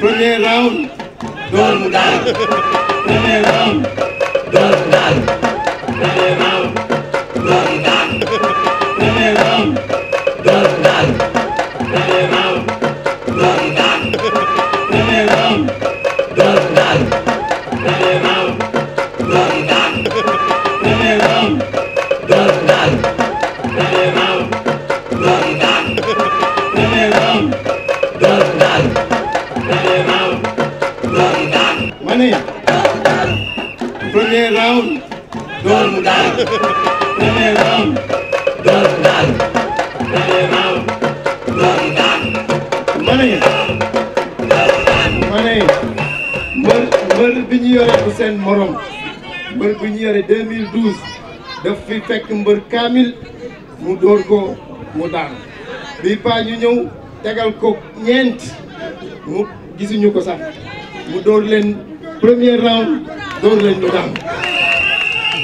Premier round, gol mudar. Premier round, gol mudar. Premier round, gol mudar. Premier round, gol mudar. Premier round, gol mudar. Premier round, gol mudar. Premier round, gol mudar. Premier round, gol mudar. Premier round, gol mudar. góor mu mbër bi ñu yore bu seen morom mbër bi ñu yore 2012 fi fekk mbër kaamil mu dóor ko mu daan bii paa ñu ñëw tegal ko ñeent mu gisuñu ko sax mu dóor premier round dóor ñu daan